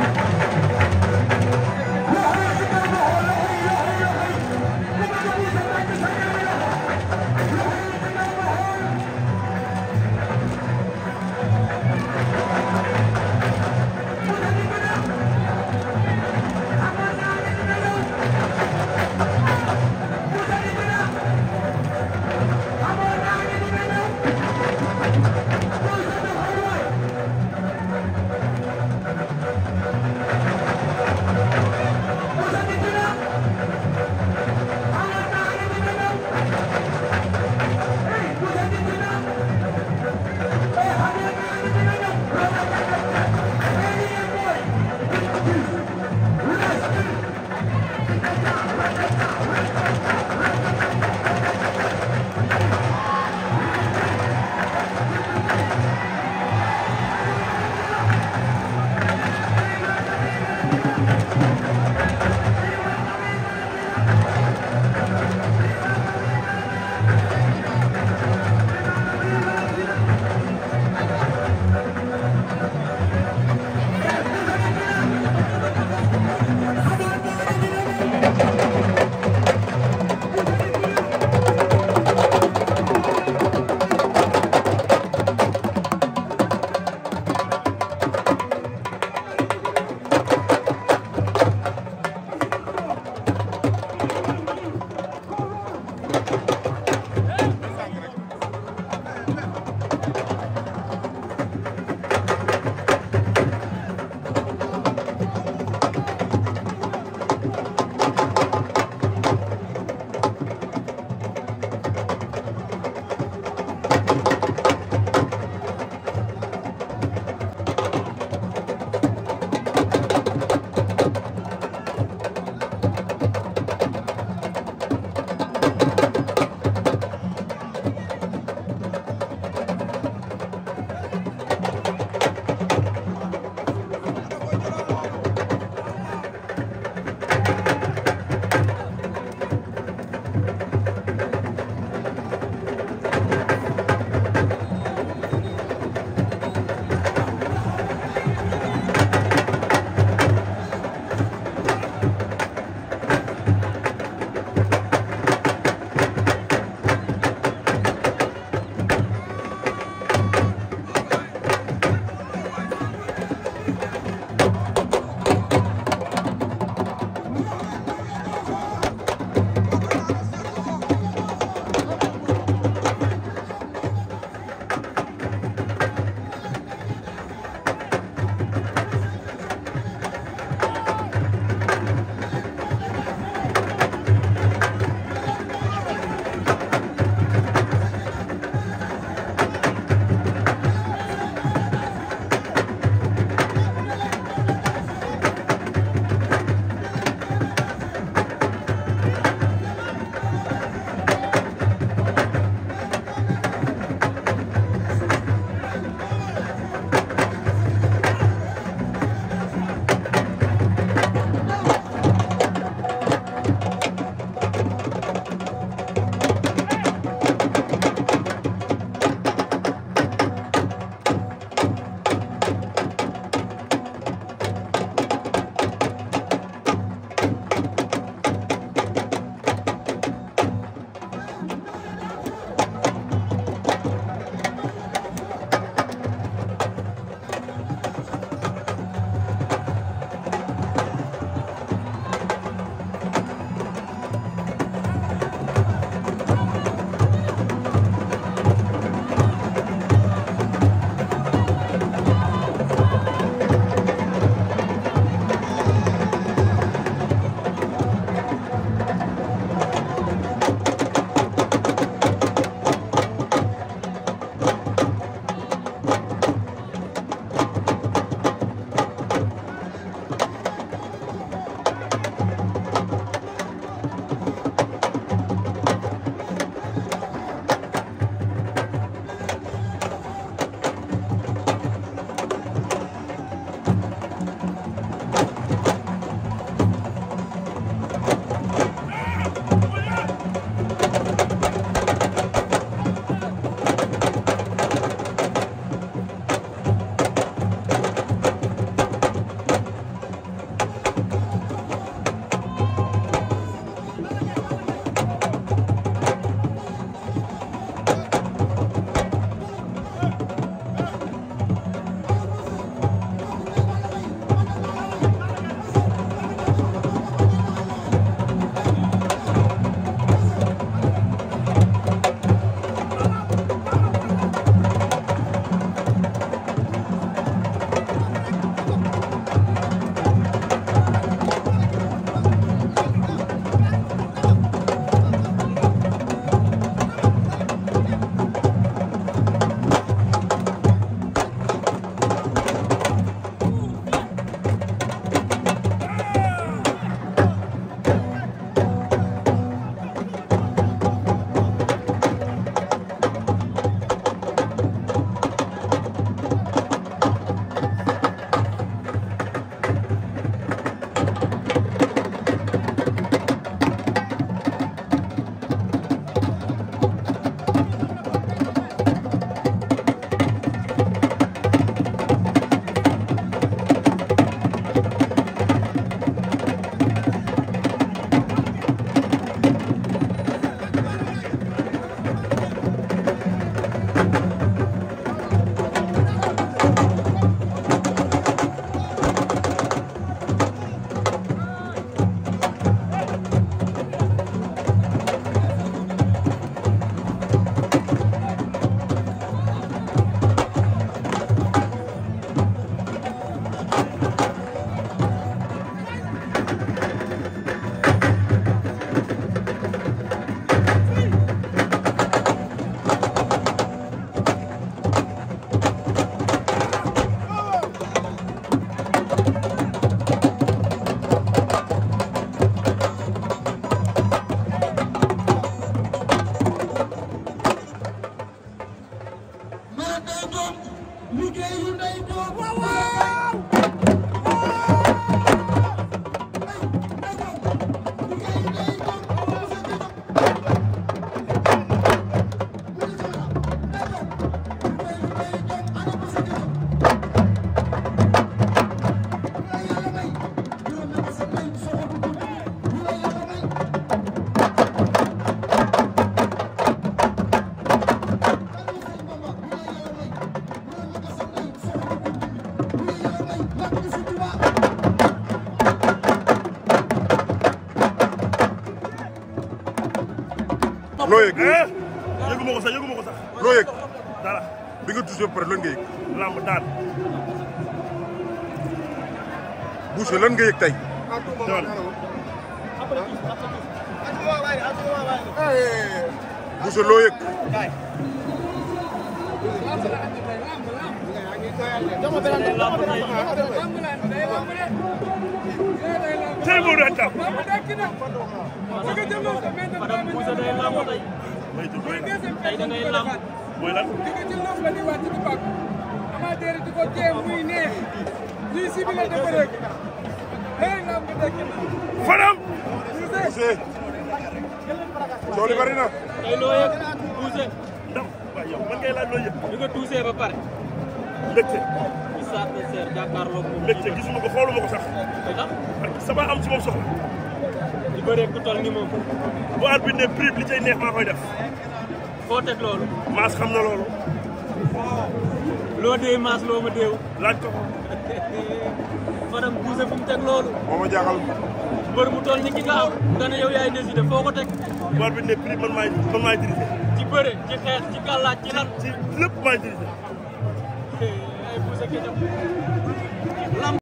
Thank you. loo yëg. Eh? yëgu ma ko sax yëgu ko sax. loo bi nga touché ba pare lan nga yëg. lamb daan. Boucher sai mu ranta mooy lan jóge ci loof la ñëwaat ci tubaab amateur di ko jéem muy neex ñuy sibile dafa rek léegi laa ko tekki faram buuse coow li bari na tey loo yëg buuse ndax waaye yow man ngay laaj loo yëg ñu nga tuusee ba pare mbégte. mbégte gisuma ko xooluma ko sax. parce que sama am ci moom soxla. di bëree ku toll ni moom. bu arbitre ne prix li cay neex maa koy def. foo teg loolu. maas xam na loolu. loo dee maas loo ma deew. laaj ko ko. Fadam Guusé fu mu teg loolu. moo ma jaaxal. mbër mu toll ni ki nga am. nga ne yow yaay foo ko teg. bu arbitre ne prix man maay man maay dirigé. ci bëre ci xeex ci gàllaaj ci lan. ci maay dirigé. aqui. Né?